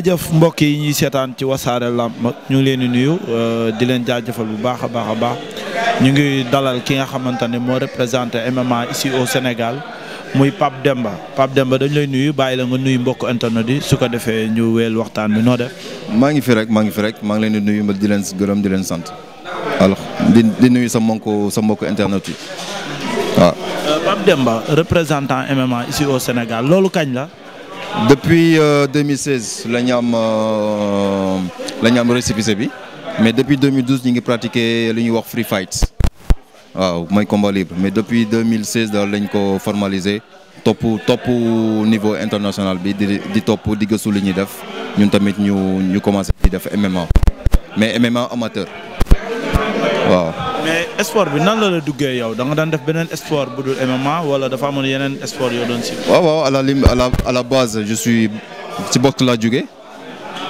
jërëjëf mbokk yi ñuy seetaan ci wasaare lamb ñu ngi leen di nuyu euh, di leen jaajëfal bu baax a baax a baax ñu ngi dalal ki nga xamante ne moo représenté MMA ici au Sénégal muy Pape Demba Pape Demba dañ lay nuyu bàyyi la nga nuyu mbokk internet yi su ko defee ñu weel waxtaan bi noo def. maa ngi fi rek maa ngi fi rek maa ngi leen di nuyu di leen gërëm di leen sant alors di di nuyu sa mbokku sa mbokku internet yi waaw. Euh, Pape Demba représentant MMA ici au Sénégal loolu kañ la. depuis 2016 euh, la ñu am euh, la ñu am récépissé bi mais depuis 2012 ñu ngi pratiquer li ñuy wax free fight waaw mooy combat libre mais depuis 2016 daal lañ ko formaliser topp topp niveau international bi di di topp di gëstu li ñuy def ñun tamit ñu ñu commencé di def MMA mais MMA amateur waaw. mais sport bi nan la la duggee yow da nga daan def beneen sport bu dul MMA wala dafa amoon yeneen sport yoo doon si. waaw waaw à la lim à la à la base je ci boxe laa jógee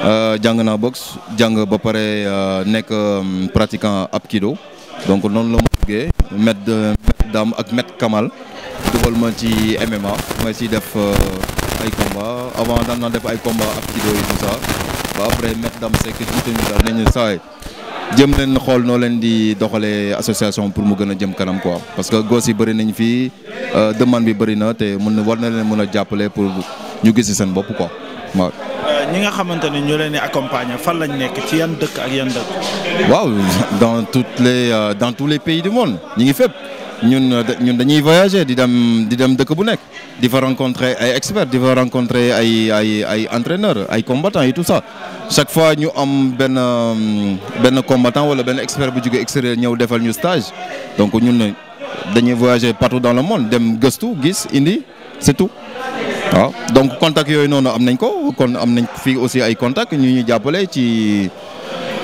euh, jàng naa boxe jàng ba pare euh, nekk euh, ab Apkido donc noonu la ma duggee maître maître Dame ak maître Kamal dugal ma ci MMA ma def ay combat avant daan naa def ay combat Apkido yi tout ça ba après maître Dame Seck jiite ñu daal ne jëm leen xool noo leen di doxalee association pour mu gën a jëm kanam quoi parce que gos yi bëri nañ fii euh, demande bi bëri na te mun na war na leen mën a jàppale pour ñu gis seen bopp quoi waaw. Euh, ñi nga xamante ni ñoo leen di accompagner fan lañ nekk ci yan dëkk ak yan dëkk. waaw dans les euh, dans tous les pays du monde ñi ngi fépp. ñun ñun dañuy voyager di dem di dem dëkk bu nekk di fa rencontrer ay experts di fa rencontrer ay ay ay entraîneurs ay combattants et tout ça chaque fois ñu am benn benn combattant wala benn expert bu jóge extérieur ñëw defal ñu stage donc ñun dañuy voyager partout dans le monde dem gëstu gis indi c'est tout donc contact yooyu noonu am nañ ko kon am nañ fii aussi ay contact ñu ñu jàppale ci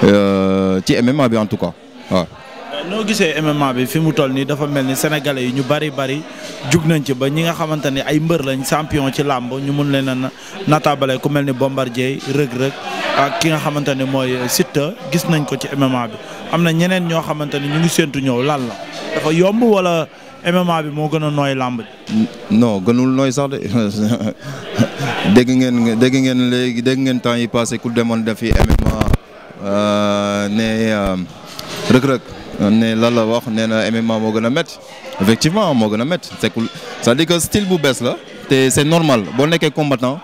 euh, ci MMA bi en tout cas waaw. noo gisee MMA bi fi mu toll nii dafa mel ni sénégalais yi ñu bari bari jug nañ ci ba ñi nga xamante ni ay mbër lañ champion ci làmb ñu mun leen na nataabalee ku mel ni Bombardier rëg-rëg ak ki nga xamante ne mooy Siteu gis nañ ko ci MMA bi am na ñeneen ñoo xamante ni ñu ngi séentu ñëw lan la dafa yomb wala MMA bi moo gën a nooy làmb non gënul nooy sax de dégg ngeen dégg ngeen léegi dégg ngeen temps yi passé ku demoon defi MMA euh, ne euh, rëg-rëg ne lan la wax nee na MMA moo gën a métti effectivement moo gën a métti c'est cool que style bu bees la te c'est normal boo nekkee combattant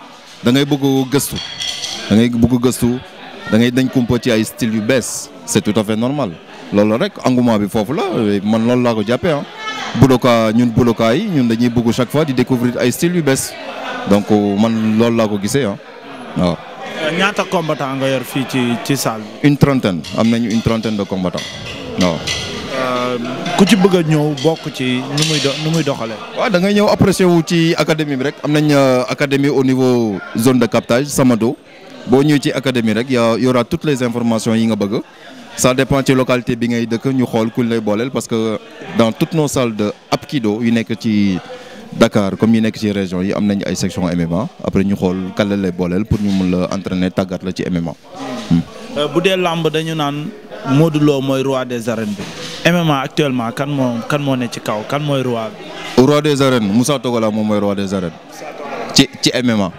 dangay ngay bëgg gëstu da ngay bëgg gëstu da ngay dañ kumpa ci ay style yu bees c'est tout à fait normal loolu rek engouement bi foofu la man loolu la ko jàppee ah. budoka ñun budoka yi ñun dañuy bëgg chaque fois di découvrir ay style yu bees donc euh, man loolu laa ko gisee ah waaw. ñaata combattant nga yor fii ci ci salle bi. une trentaine am nañu une trentaine de combattants. non. Euh, ku ci bëgg a ñëw bokk ci nu muy nu muy doxalee. waaw da ngay ñëw apprécier wu ci académie bi rek am nañ euh, académie au niveau zone de captage sama do boo ñëwee ci académie rek yaa y aura toutes les informations yi nga bëgg ça dépend ci localité bi ngay dëkk ñu xool kuñ lay booleel parce que dans toutes no salles de Apkido yu nekk ci dakaar comme yu nekk ci région yi am nañ ay section MMA après ñu xool kan la lay booleel pour ñu mun la entraîner tàggat la ci MMA. Euh, bu Modou Lo mooy roi des arènes bi MMA actuellement kan moo moo ne ci kaw kan mooy roi bi. des arènes Moussa Togola moom mooy roi des arènes. ci ci MMA.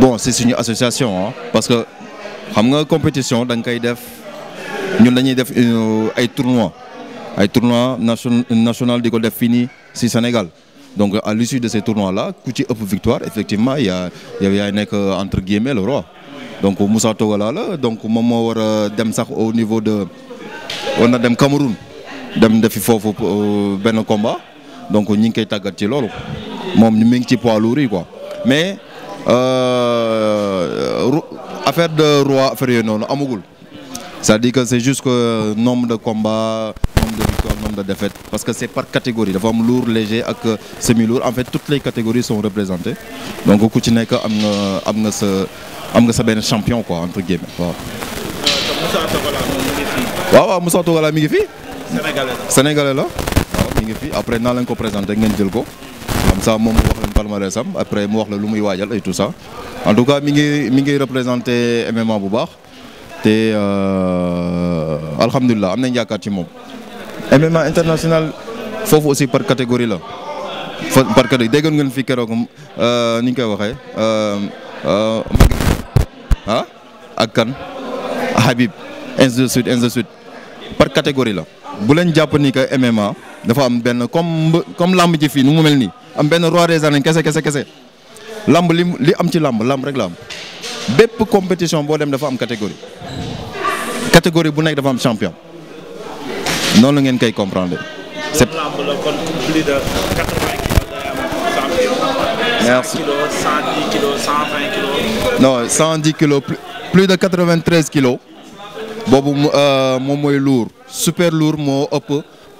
bon c'est suñu association parce que xam nga compétition da nga koy def ñun dañuy def euh, ay tournois ay tournois nation national di ko def fii nii si Sénégal. donc à l'issue de ces tournois là ku ci ëpp victoire effectivement yaa yow yaay nekk euh, entre guillemets le roi. donc Moussa Togala la donc moom moo war a dem sax au niveau de war na dem Cameroun dem defi foofu euh, benn combat donc ñi ngi koy tàggat ci loolu moom ñu mi ngi ci poids lourd yi quoi mais euh, affaire de roi affaire yooyu noonu amagul cest di que c'est juste que nombre de combats. de défaite parce que c'est par catégorie dafa am lourd léger ak euh, semi-lourd en fait toutes les catégories sont représentées donc ku ci nekk am nga am nga sa am nga sa benn champion quoi entre guillemets waaw. Euh, waaw waaw Moussa Togala mi ngi fi. Sénégalais la Sénégalais la. waaw mi ngi fi après naa leen ko présenté ngeen jël ko. comme ça moom mu wax leen palmarès am après mu wax la lu muy waajal et tout ça en tout cas mi ngi mi ngi représenté MMA bu baax te euh, alhamdulilah am nañ yaakaar ci moom. MMA international foofu aussi par catégorie la fa par catégorie déggoon ngeen fi keroog euh, ni ñu koy waxee euh, euh, ah ak kan Habib ainsi de suite ainsi de par catégorie la. bu leen jàpp ni que MMA dafa am benn comme comme lamb ji fii nu mu mel nii am benn roi des arènes kese kese kese lamb li li am ci làmb lamb rek la am bépp compétition boo dem dafa am catégorie catégorie bu nekk dafa am champion. noonu ngeen koy comprendre. c'est plus de 80 merci 100 kilos 110 kilos kilos. non 110 kilos plus de 93 boobu euh, moom mooy lourd super lourd moo ëpp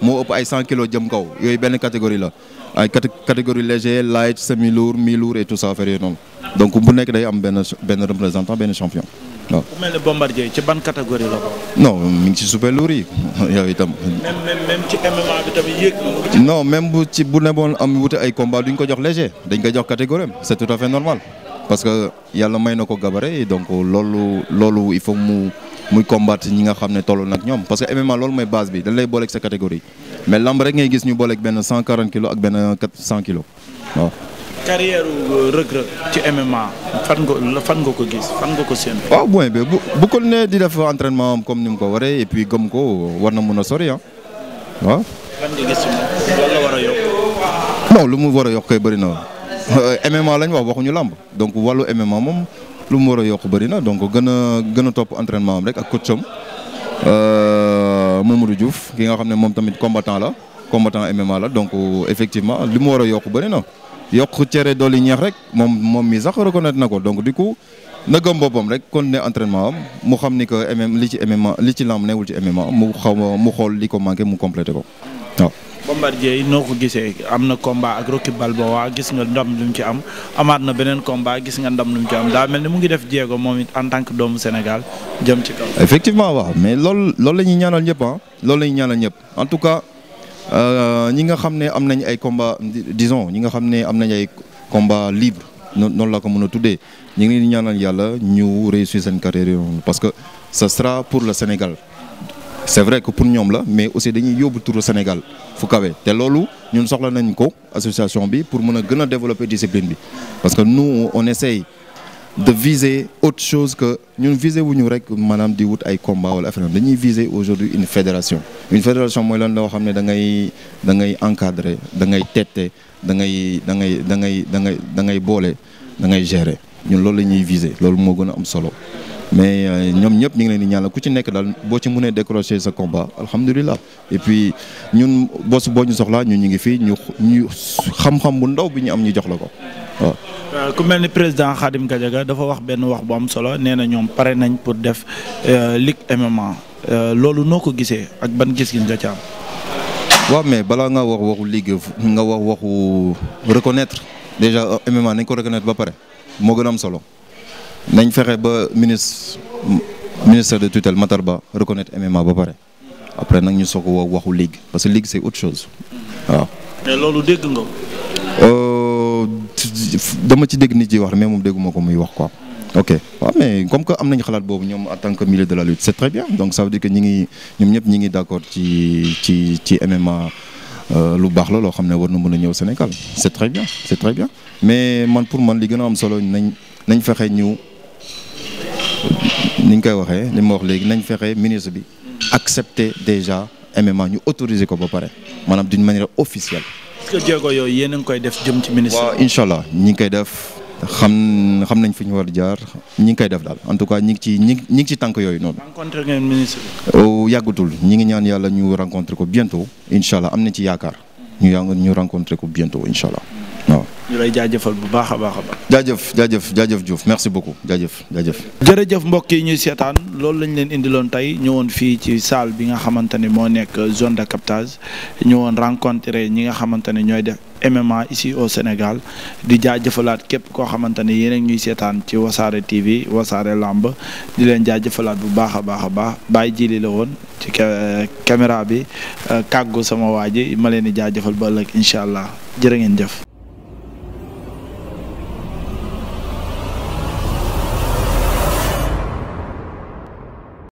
moo ëpp ay 100 kilos jëm kaw yooy benn catégorie la ay catégorie léger light semi lourd mi lourd et tout ça affaire noonu donc bu nekk day am benn benn représentant benn champion. waaw ku mel ne Bombardier ci ban catégorie la ko. non mi ngi ci super lourd yi itam. ci MMA bi tamit bu ci bu ne am wute ay combat ñu ko jox léger dañ koy jox catégorie am c'est tout à fait normal parce que yàlla may na ko gabarit donc loolu loolu il faut mu muy combattre ñi nga xam ne toll nag ñoom parce que MMA loolu mooy base bi dañ lay booleeg sa catégorie mais lamb rek ngay gis ñu booleeg benn 140 kilos ak benn kilo carrière euh, Reug Reug ci MMA fan nga fan nga ko gis fan nga ko séen. waaw bon bu bu ko nee di def entraînement am comme ni mu ko waree et puis gëm ko war na mun a sori ah waaw. lu mu war a yokk kay na MMA lañ wax waxuñu làmb donc wallu MMA moom lu mu war a yokk bëri na donc gën a gën a topp entraînement am rek ak coach am euh, Mamadou Diouf ki nga xam ne moom tamit combattant la combattant MMA la donc effectivement li mu war a yokk bëri na. yokk cere dooli ñeex rek moom moom mii sax reconnaître na ko donc du coup na gëm boppam kon continuer entraînement am mu xam ni que MM li ci MMA li ci lamb newul ci MMA mu xaw mu xool li ko manqué mu complété ko waaw. Bombardier noo ko gisee am na combat ak Rocky Balboa gis nga ndam lu mu ci am amaat na beneen combat gis nga ndam lu mu ci am daa mel ni mu ngi def jéego moom it en tant que doomu Sénégal jëm ci kaw. effectivement waaw mais lool loolu la ñuy ñaanal ñëpp ah loolu la ñuy ñaanal ñëpp en tout cas. Euh, ñi nga xam ne am nañ ay combat disons ñi nga xam ne am nañ ay combat libre noonu la ko mën a tuddee ñu ngi leen ñaanal yàlla ñu réussir seen carrière yoon parce que ça sera pour le Sénégal c'est vrai que pour ñoom la mais aussi dañuy yóbbu tour Sénégal fu kawe te loolu ñun soxla nañ ko association bi pour mën a gën a développer discipline bi parce que nous on essaye de viser autre chose que ñun viser wu ñu rek maanaam di wut ay combat wala affaire dañuy viser aujourd'hui une fédération une fédération mooy lan loo xam ne da ngay da ngay encadrer da da ngay da ngay da ngay da ngay da ngay boole da ngay gérer ñun loolu la ñuy viser loolu moo gën a am solo mais euh, ñoom ñëpp ñu ngi leen di ñaanal ku ci nekk daal boo ci munee décrocher sa combat alhamdulilah et puis ñun bos boo ñu soxlaa ñun ñu ngi fii ñu ñu xam-xam bu ndaw bi ñu am ñu jox la ko. waaw. Euh, ku mel ni président Khadim Gadiaga dafa wax benn wax bu am solo nee na ñoom pare nañ pour def euh, ligue MMA euh, loolu noo ko gisee ak ban gis-gis nga ci am. waaw mais balaa nga wax waxu ligue nga wax waxu reconnaître déjà MMA nañ ko reconnaître ba pare moo gën am solo nañ fexe ba ministre ministère de tutelle Matar Ba reconnaître MMA ba pare après nag ñu soog a waxu ligue parce que ligue c'est autre chose waaw. loolu dégg nga. dama ci dégg nit yi wax mais moom dégguma ko muy wax quoi. ok waaw mais comme que am nañ xalaat boobu ñoom en tant que milieu de la lutte c'est très bien donc ça veut dire que ñi ngi ñoom d'accord ci ci ci MMA. Euh, lu baax la loo xam ne war na mën a ñëw Sénégal c'est très bien c'est très bien mais man pour man li gën a am solo nañ nañ fexe ñu ni ñu koy waxee li ma wax léegi nañ fexe ministre bi accepter déjà MMA ñu autoriser ko ba pare maanaam d'une manière officielle. est-ce que jéego yooyu yéen a ngi koy def jëm ministre. waaw ñi ngi koy def xam nañ fi ñu war jaar ñi ngi koy def daal en tout cas ñi ngi ci ñi ngi ci tànk yooyu noonu. rencontré ngeen ministre bi. Euh, ñi ngi ñaan yàlla ñu rencontré ko bientôt incha allah am na ci yaakaar ñu yaa ñu rencontré ko bientôt incha allah waaw. jaajëf jaajëf jaajëf Diouf merci beaucoup jaajëf jaajëf. jërëjëf mbokk yi ñuy seetaan loolu lañ leen indiloon tey ñëwoon fii ci salle bi nga xamante ne moo nekk zone de captage ñëwoon rencontré ñi nga xamante ne ñooy def MMA ici au Sénégal di jëfalaat képp koo xamante ne yéen ñuy seetaan ci wasaare TV wasaare làmb di leen jëfalaat bu baax a baax a baax baay jili la woon ci caméra bi euh, kàggu sama waa ji ma leen di jaajëfal ba ëllëg incha allah jërë ngeen jëf.